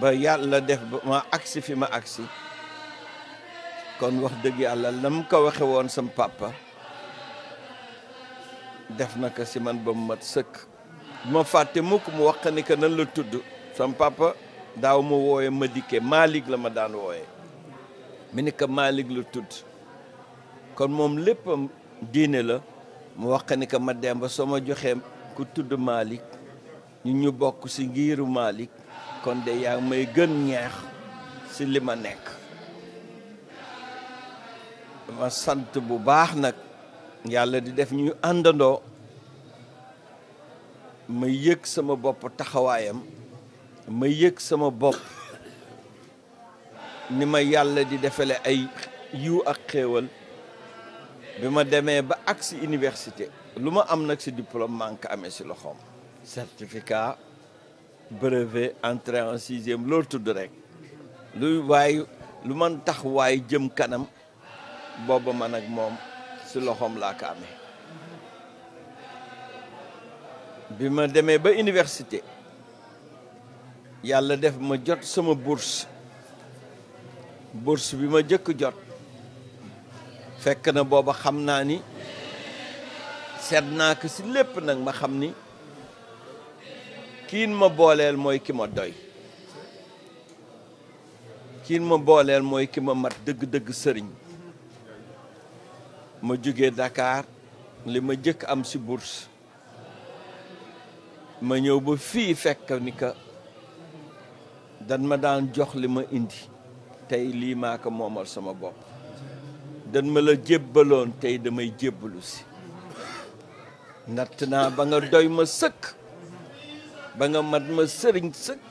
ba yàlla def ba ma agsi fi ma agsi kon wax dëgg yàlla lam ko waxe woon sam papa def na ko ci man ba mu mat sëkk ma fàtte mukk mu wax ni que nan la tudd sam papa daaw ma wooye ma dikkee Malick la ma daan wooye mi ni que Malick tudd kon moom léppam diine la mu wax ni que ma demb ba soo ma joxee ku tudd Malick ñu ñu bokk si ngiiru Malick kon de yaa may gën ñeex si li ma nekk ma sant bu baax nag yàlla di def ñuy àndandoo ma yëg sama bopp taxawaayam ma yëg sama bopp ni ma yàlla di defale ay yiw ak xéewal bi ma demee ba ak si université lu ma am nag si diplôme maa ngi si loxoom certificat brevet entrée en sixième loolu tudd rek luy waay lu man tax waay jëm kanam booba man ak moom si loxoom laa ko amee bi ma demee ba iniwersité yàlla def ma jot sama bourse bourse bi ma jëkk jot fekk na booba xam naa ni seet naa ko si lépp nag ma xam ni kiin ma booleel mooy ki ma doy kiin ma booleel mooy ki ma mat dëgg-dëgg sëriñ ma jóge dakaar li ma jëkk am ci bourse ma ñëw ba fii fekk ni ka dan ma daan jox li ma indi tey lii maa ko moomal sama bopp dan ma la jébbaloon tey damay jébbalu si natt naa ba nga doy ma sëkk ba nga mat ma sëriñ sëkk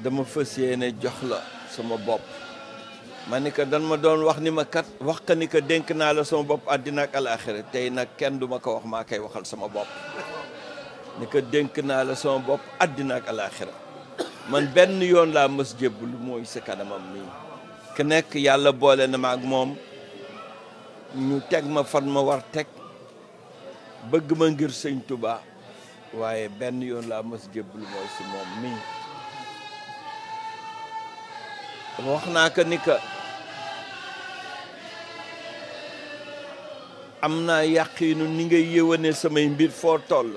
dama fas yéene jox la sama bopp ma ni ko dan ma doon wax ni ma kat wax ka ni ko dénk naa la sama bopp àddina ak alaaxira tey nag kenn du ma ko wax maa koy waxal sama bopp ni ko dénk naa la sama bopp àddina ak alaaxira man benn yoon laa mës jébbalu mooy sa kanamam nii ku nekk yàlla boole na ma ak moom ñu teg ma fan ma war teg bëgg ma ngir sëñ Tuubaa waaye benn yoon laa mos jébbalu mooy si moom mii wax naa ko ni ka am naa yàqiinu ni ngay yéwane samay mbir foo toll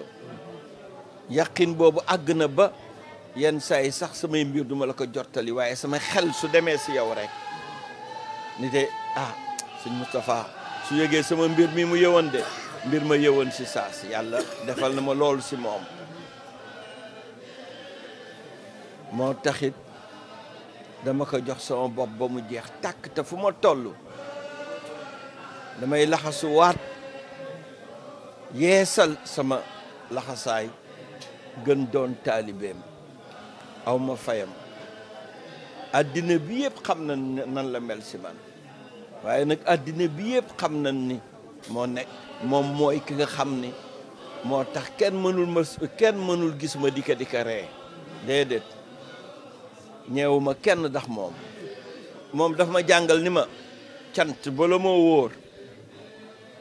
yàqin boobu àgg na ba yenn saa sax samay mbir duma la ko jottali waaye sama xel su demee si yow rekk ni de ah sëñ Moustapha su yëgee sama mbir mii mu yëwan de mbir ma yëwoon si saa si yàlla defal na ma loolu si moom moo taxit dama ko jox sama bopp ba mu jeex tàkk te fu ma toll damay laxasu waat yeesal sama laxasaay gën doon taalibeem aw ma fayam addina bi yëpp xam na nan la mel si man waaye nag addina bi yëpp xam na ni moo nekk moom mooy ki nga xam ni moo tax kenn mënul ma kenn gis ma dikka dikka ree déedéet ñeewuma kenn dax moom moom daf ma jàngal ni ma cant bala moo wóor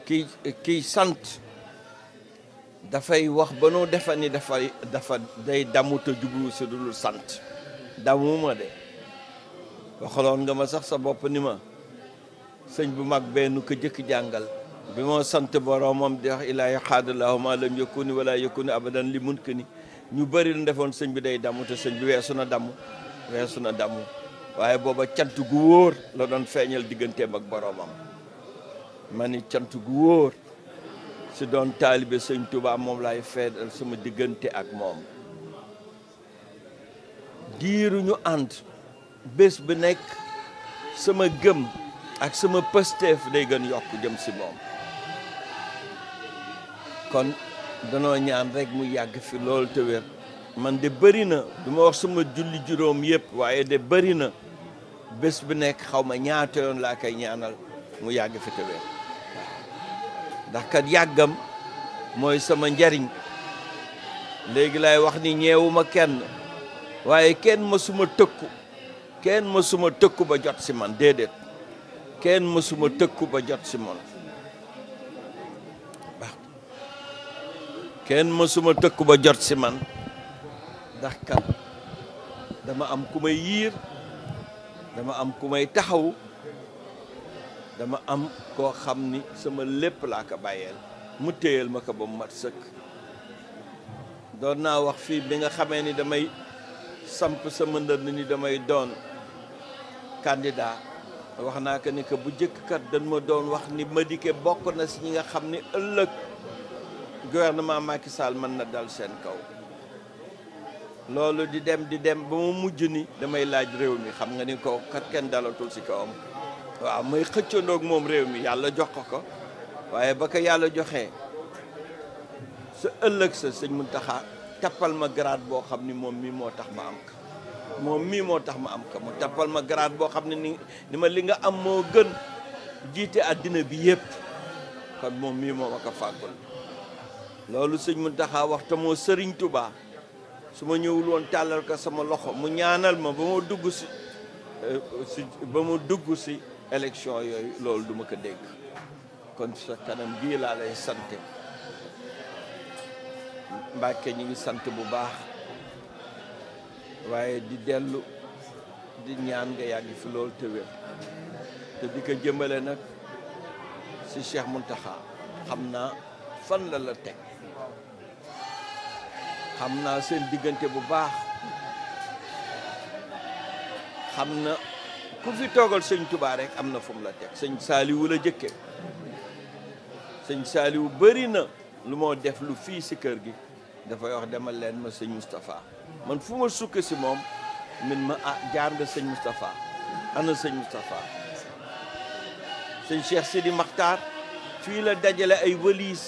ki kiy sant dafay wax ba noo defa ni dafay dafa day damu te jublu si dul sant damuma de waxaloon nga ma sax sa bopp ni ma sëñ bu mag benn ko jëkk jàngal bi moo sant boromam di wax ilaahi xaadalaahu maa lam yëkkuni wala yëkkuni abadan li mun ni ñu bëri lu defoon sëñ bi day damm te sëñ bi weesu na damm weesu na damm waaye booba cant gu wóor la doon feeñal digganteem ak boroomam ma ni cant gu wóor si doon taalibe sëñ Tuubaa moom laay feeñal sama diggante ak moom diiru ñu ànd bés bi nekk sama gëm ak sama pësteef day gën yokk jëm si moom kon danoo ñaan rek mu yàgg fi loolu te man de bëri na du wax sama julli juróom yëpp waaye de bëri na bés bu nekk xaw ma ñaata yoon laa koy ñaanal mu yàgg fi te ndax kat yàggam mooy sama njariñ léegi lay wax ni ñeewuma kenn waaye kenn mësuma tëkku kenn mësuma tëkku ba jot si man déedéet kenn mësuma tëkku ba jot si man kenn mësuma tëkku ba jot si man ndax kan dama am ku may yiir dama am ku may taxaw dama am koo xam ni sama lépp laa ko bàyyeel mu téyal ma ko ba mu mat sëkk doon naa wax fii bi nga xamee ni damay samp sama ndënd ni damay doon candidat wax naa ko ni que bu jëkk kat dañ ma doon wax ni Madické bokk na si ñi nga xam ni ëllëg gouvernement Macky Sall mën na dal seen kaw loolu di dem di dem ba mu mujj ni damay laaj réew mi xam nga ni ko kat kenn dalatul si am waaw may xëccandoog moom réew mi yàlla jox ko ko waaye ba ko yàlla joxee sa ëllëg sa mu Mountakha tappal ma grade boo xam ni moom mii moo tax ma am ko moom mii moo tax ma am ko mu tappal ma garaad boo xam ne ni ni ma li nga am moo gën jiite àddina bi yépp kon moom mii moo ma fàggul loolu sëñ Muntaxa wax te moo sëriñ Touba su ma ñëwul woon tàllal ko sama loxo mu ñaanal ma ba mu dugg si euh, si ba ma dugg si élection yooyu loolu duma ko dégg kon sa kanam gii laa lay sant Mbàkke ñu ngi sant bu baax waaye di dellu di ñaan nga yàgg fi loolu te te di ko jëmbale nag si Cheikh Muntaxa xam naa fan la la teg xam naa seen diggante bu baax xam na ku fi toogal sëñ Tuubaa rek am na fu la teg sëñ Saaliwu la jëkke sëñ Saaliwu bari na lu moo def lu fii si kër gi dafay wax demal leen ma sëñ Moustapha man fu ma sukk si moom min ma a ah, jaar nga sëñ Moustapha ana sëñ Moustapha sëñ Cheikh Sidi maxtar fii la dajale ay wëliis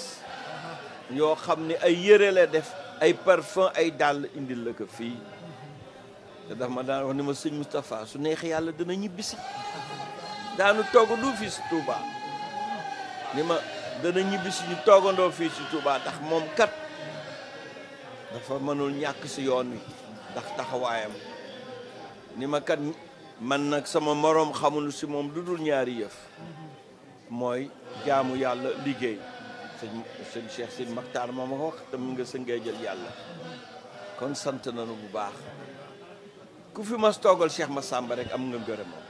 yoo xam ni ay yëre la def ay parfum ay dàll indil la ko fii te daf ma daan wax ni ma sëñ Moustapha su neex yàlla dana ñibbisi daanu toogandoo fii si Touba ni ma dana ñibbisi toogandoo fii si Touba ndax moom kat dafa mënul ñàkk si yoon wi ndax taxawaayam ni ma kat man nag sama moroom xamul si moom lu dul ñaari yëf mooy jaamu yàlla liggéey sëñ sëñ Cheikh Sidi Makhtar moo ma ko wax tam nga sëngee jël yàlla kon sant nañu bu baax ku fi mas toogal Cheikh Massamba rek am nga ngërëmam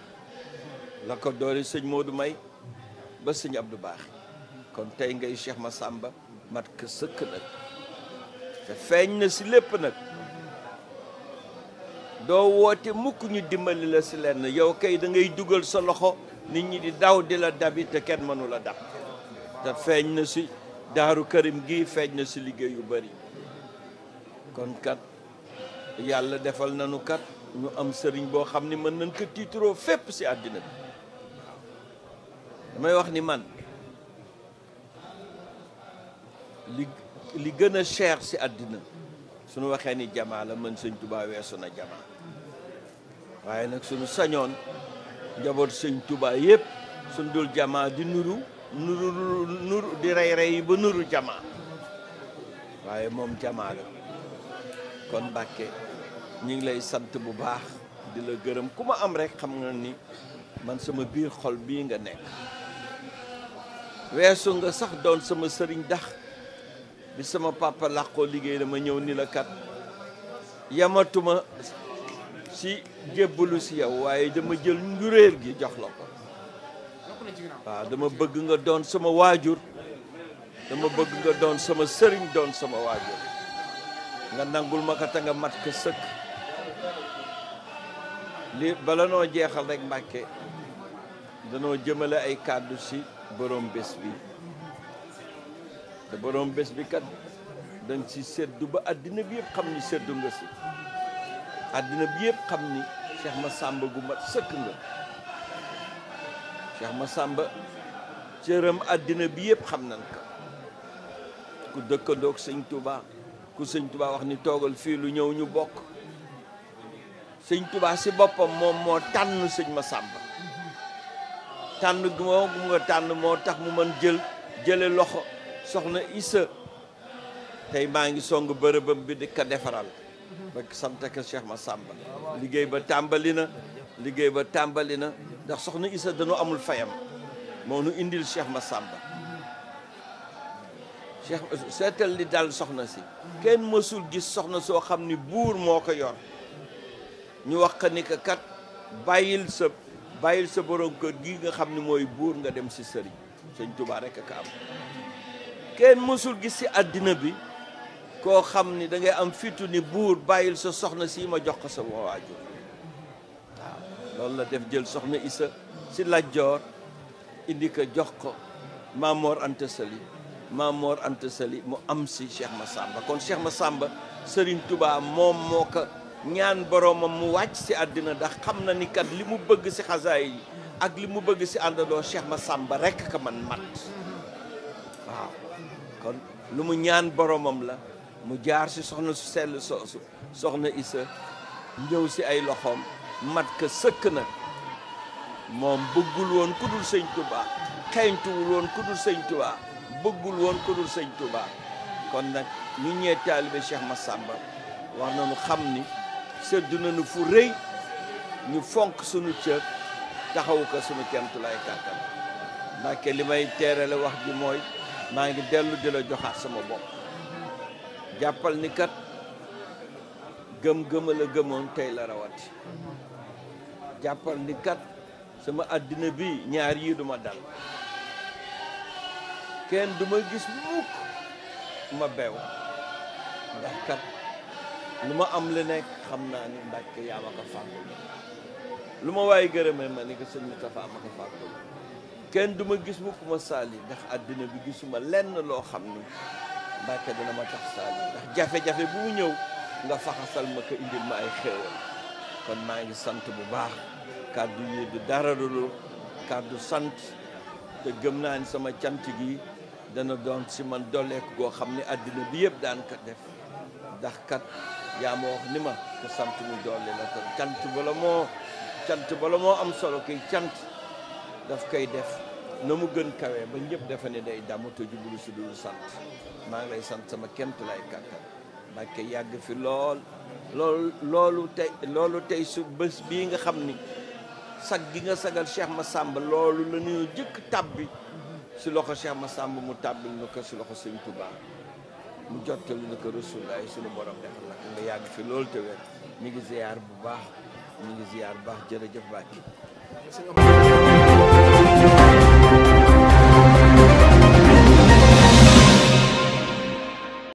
la ko doori sëñ du May ba sëñ Abdou Baax kon tey ngay Cheikh Massamba mat ka sëkk nag te feeñ na si lépp nag doo woote mukk ñu dimbali la si lenn yow kay da ngay dugal sa loxo nit ñi di daw di la dabi te kenn mënu la dab te feeñ na si daaru kërim gi feeñ na ci liggéey yu bari kon kat yàlla defal nanu kat ñu am sëriñ boo xam ni mën nañ ko tiituroo fépp si àddina bi damay wax ni man li gën a cher si àddina suñu waxee ni jamaa la mën sëñ Tuubaa weesu na jamaa waaye nag suñu sañoon njaboot sëñ Tuubaa yépp suñ jamaa di nuru nuru nuru di rey rey yi ba nuru jamaa waaye moom jamaa la kon Mbàkke ñu ngi lay sant bu baax di la gërëm ku ma am rek xam nga ni man sama biir xol bii nga nekk weesu nga sax doon sama sëriñ dax bi sama papa làqoo liggéey dama ñëw ni la kat yamatuma si jébbalu si yow waaye dama jël njuréel gi jox la ko waaw dama bëgg nga doon sama waajur dama bëgg nga doon sama sëriñ doon sama waajur nga nangul ma ko te nga mat ko sëkk li bala noo jeexal rekk Mbàkke danoo jëmale ay kàddu si borom bés bi te borom bés bi kat dañ si seddu ba àddina bi yëpp xam ni seddu nga si àddina bi yëpp xam ni ma sàmb gu mat sëkk nga Cheikh Massamba cëram àddina bi yëpp xam nañ ko ku dëkkandoog sëñ Touba ku sëñ Touba wax ni toogal fii lu ñëw ñu bokk sëñ si boppam moom moo tànn tànn gu mu nga tànn moo tax mu mën jël jële loxo soxna Issa tey maa ngi song bërëbam bi di ko defaral ba sant ak Cheikh Massamba liggéey ba tàmbali na liggéey ba tàmbali na ndax soxna isa dañoo amul fayam moo nu indil Cheikh ma Cheikh seetal li daal soxna si kenn mësul gis soxna soo xam ni buur moo ko yor ñu wax ka ni kat bàyyil sa bàyyil sa borom kër gi nga xam ni mooy buur nga dem si sëriñ sëñ Tuubaa rekk ka am kenn mësul gis ci àddina bi koo xam ni dangay am fitu ni buur bàyyil sa soxna si ma jox ko sa waajur loolu la def jël soxna Isa si Lat Joor indi ko jox ko Mamor Anta Sali Mamor Anta mu am si ma sàmba kon Cheikh Massamba Serigne Touba moom moo ko ñaan boroomam mu wàcc si àddina ndax xam na ni kat li mu bëgg si xasaay yi ak li mu bëgg si àndandoo ma sàmba rekk ka man mat waaw kon lu mu ñaan boroomam la mu jaar si soxna su sell soosu soxna Isa ñëw si ay loxoom mat ka sëkk na moom bëggul woon ku dul sëñ Touba xeeñtuwul woon ku dul sëñ Touba bëggul woon ku dul sëñ Touba kon nag ñu ñee taalibe ma sàmba wax nañu xam ni seddu nañu fu rëy ñu fonk sunu cër taxawu ko sunu kemtulaay kàttan ndaxte li may teerale wax ji mooy maa ngi dellu di la joxaat sama bopp jàppal ni kat gëm-gëma gëmoon tey la rawati jàppal ni kat sama àddina bi ñaar yii duma dal kenn duma gis mukk ma beew ndax kat lu ma am la nekk xam naa ni Mbàkke yaa ma ko fàggul lu ma waaye gërëme ma ni ko sëñ Moustapha ma ko fàggul kenn duma gis mukk ma saali ndax àddina bi gisuma lenn loo xam ni Mbàkke na ma tax saali ndax jafe-jafe bu ñëw nga faxasal ma ko indil ma ay xéewal kon maa ngi sant bu baax kàddu yi du dara dul kàddu sant te gëm naa ni sama cant gi dana doon si man dolleeku goo xam ne àddina bi yëpp daan ko def ndax kat yaa ma wax ni ma te sant mu dolli la ko cant bala moo cant moo am solo kiy cant daf koy def na mu gën kawee ba ñëpp dafa ne day damu te jublu si dul sant maa ngi lay sant sama kent lay kàttan Mbàkke yàgg fi lool loolu loolu tey loolu tey su bés bii nga xam ni sag gi nga sagal Cheikh sàmb loolu la ñu jëkk tàbbi si loxo Cheikh Massamba mu tàbbi nu ko si loxo Sëñ Tuubaa mu jottali nu ko Rasulullaay sunu borom defal la nga yàgg fi loolu te wér mi ngi ziyaar bu baax mi ngi ziyaar bu baax jërëjëf Mbàkke